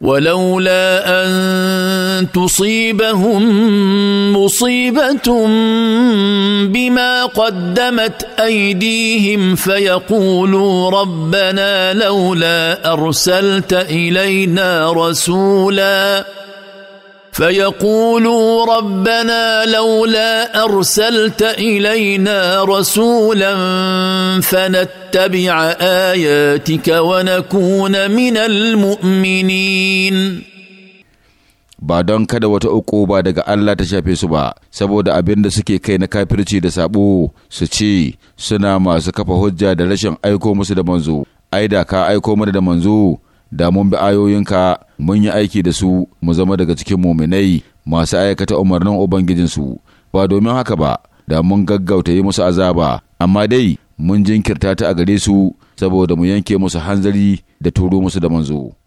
ولولا ان تصيبهم مصيبه بما قدمت ايديهم فيقولوا ربنا لولا ارسلت الينا رسولا فيقولوا ربنا لولا ارسلت الينا رسولا فنتبع اياتك ونكون من المؤمنين ba don kada wata uku ba daga Allah ta shafe su ba saboda abin da suke kai na kafirci da sabo su ce suna masu kafa hujja da rashin aiko musu da manzo ai da ka aiko mana da manzo da mun bi ayoyinka mun yi aiki da su mu zama daga cikin muminai masu aikata umarnin ubangijinsu ba domin haka ba da mun gaggauta yi musu azaba amma dai mun jinkirta ta a gare su saboda mu yanke musu hanzari da turo musu da manzo